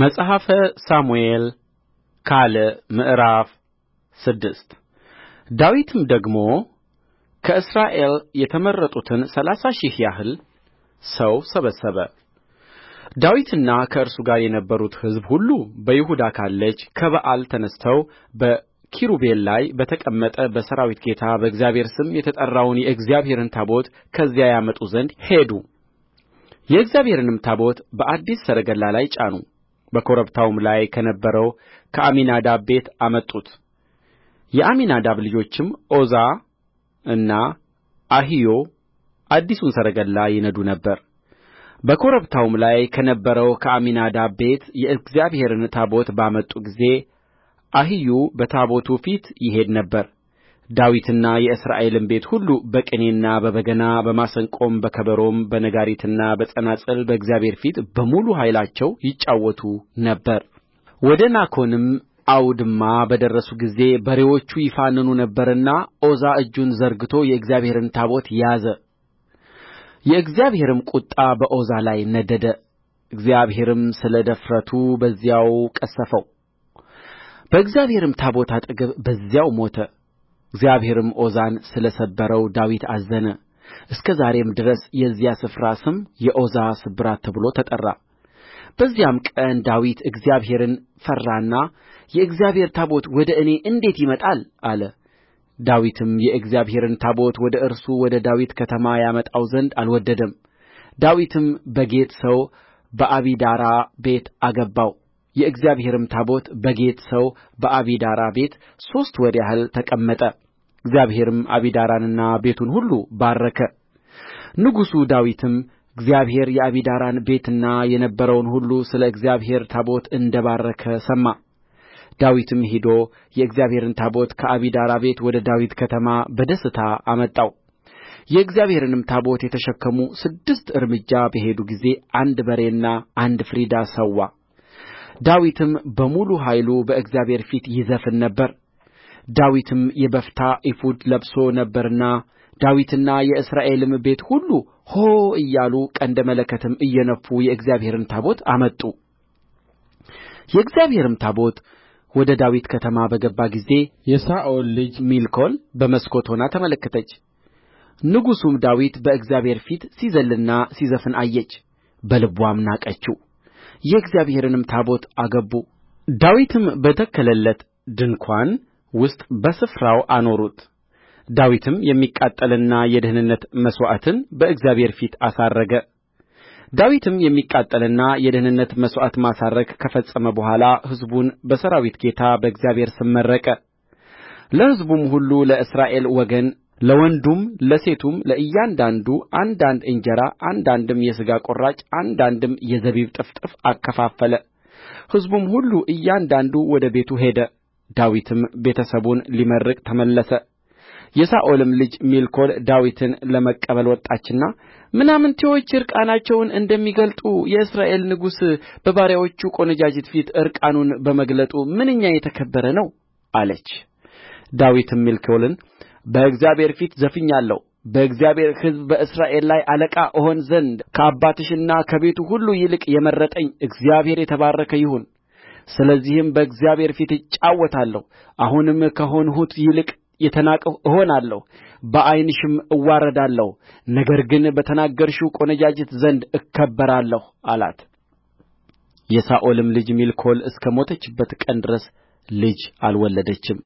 መጽሐፈ ሳሙኤል ካል ምዕራፍ ስድስት ዳዊትም ደግሞ ከእስራኤል የተመረጡትን ሠላሳ ሺህ ያህል ሰው ሰበሰበ። ዳዊትና ከእርሱ ጋር የነበሩት ሕዝብ ሁሉ በይሁዳ ካለች ከበዓል ተነሥተው በኪሩቤል ላይ በተቀመጠ በሠራዊት ጌታ በእግዚአብሔር ስም የተጠራውን የእግዚአብሔርን ታቦት ከዚያ ያመጡ ዘንድ ሄዱ። የእግዚአብሔርንም ታቦት በአዲስ ሰረገላ ላይ ጫኑ። በኮረብታውም ላይ ከነበረው ከአሚናዳብ ቤት አመጡት የአሚናዳብ ልጆችም ዖዛ እና አሒዮ አዲሱን ሰረገላ ይነዱ ነበር በኮረብታውም ላይ ከነበረው ከአሚናዳብ ቤት የእግዚአብሔርን ታቦት ባመጡ ጊዜ አሒዮ በታቦቱ ፊት ይሄድ ነበር ዳዊትና የእስራኤልም ቤት ሁሉ በቅኔና በበገና በመሰንቆም በከበሮም በነጋሪትና በጸናጽል በእግዚአብሔር ፊት በሙሉ ኃይላቸው ይጫወቱ ነበር ወደ ናኮንም አውድማ በደረሱ ጊዜ በሬዎቹ ይፋንኑ ነበርና ዖዛ እጁን ዘርግቶ የእግዚአብሔርን ታቦት ያዘ የእግዚአብሔርም ቍጣ በዖዛ ላይ ነደደ እግዚአብሔርም ስለ ድፍረቱ በዚያው ቀሠፈው በእግዚአብሔርም ታቦት አጠገብ በዚያው ሞተ እግዚአብሔርም ዖዛን ስለ ሰበረው ዳዊት አዘነ እስከ ዛሬም ድረስ የዚያ ስፍራ ስም የዖዛ ስብራት ተብሎ ተጠራ በዚያም ቀን ዳዊት እግዚአብሔርን ፈራና የእግዚአብሔር ታቦት ወደ እኔ እንዴት ይመጣል አለ ዳዊትም የእግዚአብሔርን ታቦት ወደ እርሱ ወደ ዳዊት ከተማ ያመጣው ዘንድ አልወደደም ዳዊትም በጌት ሰው በአቢዳራ ቤት አገባው የእግዚአብሔርም ታቦት በጌት ሰው በአቢዳራ ቤት ሦስት ወር ያህል ተቀመጠ እግዚአብሔርም አቢዳራንና ቤቱን ሁሉ ባረከ ንጉሡ ዳዊትም እግዚአብሔር የአቢዳራን ቤትና የነበረውን ሁሉ ስለ እግዚአብሔር ታቦት እንደ ባረከ ሰማ ዳዊትም ሄዶ የእግዚአብሔርን ታቦት ከአቢዳራ ቤት ወደ ዳዊት ከተማ በደስታ አመጣው የእግዚአብሔርንም ታቦት የተሸከሙ ስድስት እርምጃ በሄዱ ጊዜ አንድ በሬና አንድ ፍሪዳ ሰዋ ዳዊትም በሙሉ ኃይሉ በእግዚአብሔር ፊት ይዘፍን ነበር ዳዊትም የበፍታ ኤፉድ ለብሶ ነበርና ዳዊትና የእስራኤልም ቤት ሁሉ ሆ እያሉ ቀንደ መለከትም እየነፉ የእግዚአብሔርን ታቦት አመጡ የእግዚአብሔርም ታቦት ወደ ዳዊት ከተማ በገባ ጊዜ የሳኦል ልጅ ሜልኮል በመስኮት ሆና ተመለከተች ንጉሡም ዳዊት በእግዚአብሔር ፊት ሲዘልና ሲዘፍን አየች በልቧም ናቀችው የእግዚአብሔርንም ታቦት አገቡ ዳዊትም በተከለለት ድንኳን ውስጥ በስፍራው አኖሩት ዳዊትም የሚቃጠልና የደኅንነት መሥዋዕትን በእግዚአብሔር ፊት አሳረገ ዳዊትም የሚቃጠልና የደኅንነት መሥዋዕት ማሳረግ ከፈጸመ በኋላ ሕዝቡን በሠራዊት ጌታ በእግዚአብሔር ስም መረቀ ለሕዝቡም ሁሉ ለእስራኤል ወገን ለወንዱም ለሴቱም ለእያንዳንዱ አንዳንድ እንጀራ አንዳንድም የሥጋ ቍራጭ አንዳንድም የዘቢብ ጥፍጥፍ አከፋፈለ ሕዝቡም ሁሉ እያንዳንዱ ወደ ቤቱ ሄደ ዳዊትም ቤተ ሰቡን ሊመርቅ ተመለሰ የሳኦልም ልጅ ሜልኮል ዳዊትን ለመቀበል ወጣችና ምናምንቴዎች ዕርቃናቸውን እንደሚገልጡ የእስራኤል ንጉሥ በባሪያዎቹ ቈነጃጅት ፊት ዕርቃኑን በመግለጡ ምንኛ የተከበረ ነው አለች ዳዊትም ሜልኮልን በእግዚአብሔር ፊት ዘፍኛለሁ በእግዚአብሔር ሕዝብ በእስራኤል ላይ አለቃ እሆን ዘንድ ከአባትሽና ከቤቱ ሁሉ ይልቅ የመረጠኝ እግዚአብሔር የተባረከ ይሁን ስለዚህም በእግዚአብሔር ፊት እጫወታለሁ አሁንም ከሆንሁት ይልቅ የተናቅሁ እሆናለሁ በዓይንሽም እዋረዳለሁ ነገር ግን በተናገርሽው ቈነጃጅት ዘንድ እከበራለሁ አላት የሳኦልም ልጅ ሜልኮል እስከ ሞተችበት ቀን ድረስ ልጅ አልወለደችም